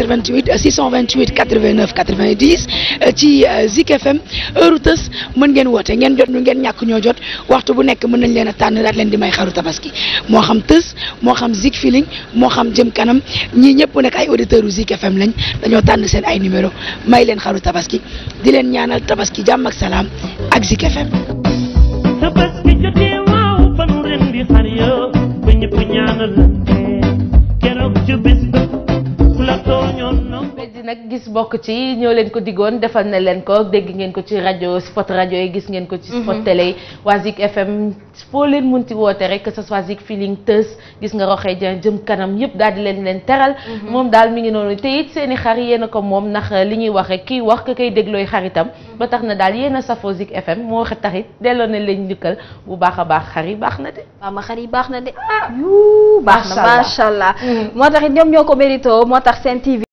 88 628 89 90 tës mën ngeen woote ngeen jot ñu ngeen ñàkk ñoo jot waxtu bu nekk mën nañ leen a tànn daat leen di may xaru tabaski moo xam tës moo xam Zik Feeling moo xam jëm kanam ñii ñëpp nag ay auditeurs u Zik FM lañ dañoo tànn seen ay numéro may leen xaru tabaski di leen ñaanal tabaski jàmm ak salaam ak Zik FM. tabaski jotee waaw ba nu ren xar yoo ba ñëpp ñaanal la weddi nag gis bokk ci ñoo leen ko diggoon defal na leen ko dégg ngeen ko ci rajo spot rajo yi gis ngeen ko ci spot mhm. télé yi waa Zik FM foo leen munti woote rek sa ce soit Zik Feeling Teus gis nga roxee jan jëm kanam yëpp daal di leen leen teral mhm. moom daal mi ngi noonu te it seen i xar yéen ko moom nax li ñuy wax rek kii wax ka kay déglooy xaritam mhm. ba tax na daal yéen a safoo Zik FM moo wax taxit delloo na leen njëkkal bu baax a baax xar yi baax na de waaw ma xar yi baax na de ah yuu